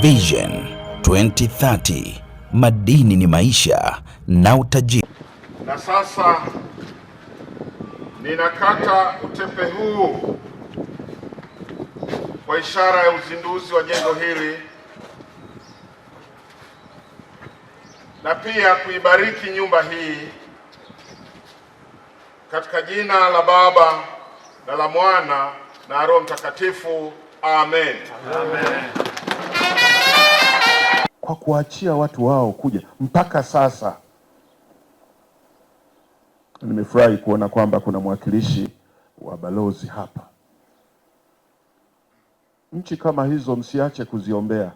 Vision 2030 madini ni maisha na utajiri. Na sasa ninakata utepe huu kwa ishara ya uzinduzi wa jengo hili na pia kuibariki nyumba hii katika jina la Baba na la Mwana na Roho Mtakatifu. Amen, amen kwa kuachia watu wao kuja mpaka sasa. Nimefurahi kuona kwamba kuna mwakilishi wa balozi hapa. Nchi kama hizo msiache kuziombea,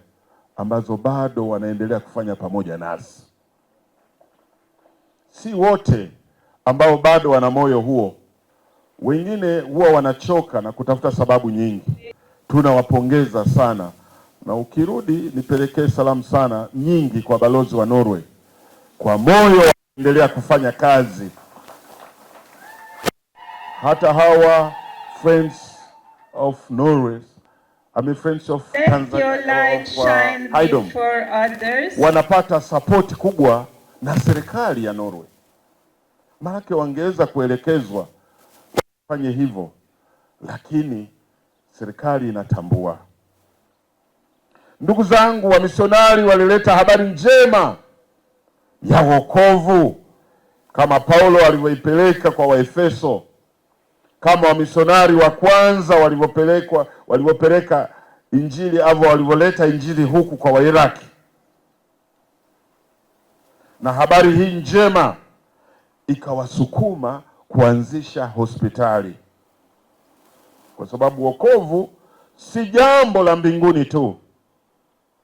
ambazo bado wanaendelea kufanya pamoja nasi. Si wote ambao bado wana moyo huo, wengine huwa wanachoka na kutafuta sababu nyingi. Tunawapongeza sana na ukirudi nipelekee salamu sana nyingi kwa balozi wa Norway kwa moyo wa kuendelea kufanya kazi. Hata hawa friends of Norway mean friends of Tanzania of uh, wanapata sapoti kubwa na serikali ya Norway, maanake wangeweza kuelekezwa wafanye hivyo, lakini serikali inatambua Ndugu zangu, wamisionari walileta habari njema ya wokovu kama Paulo alivyoipeleka kwa Waefeso, kama wamisionari wa kwanza walivyopelekwa walivyopeleka injili au walivyoleta injili huku kwa Wairaki. Na habari hii njema ikawasukuma kuanzisha hospitali, kwa sababu wokovu si jambo la mbinguni tu,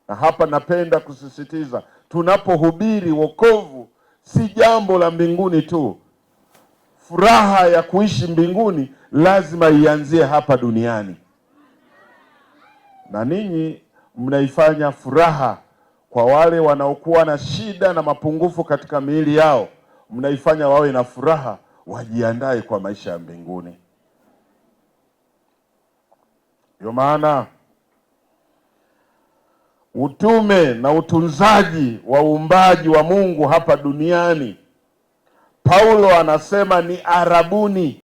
na hapa napenda kusisitiza, tunapohubiri wokovu si jambo la mbinguni tu. Furaha ya kuishi mbinguni lazima ianzie hapa duniani, na ninyi mnaifanya furaha kwa wale wanaokuwa na shida na mapungufu katika miili yao, mnaifanya wawe na furaha, wajiandae kwa maisha ya mbinguni. Ndio maana utume na utunzaji wa uumbaji wa Mungu hapa duniani, Paulo anasema ni arabuni.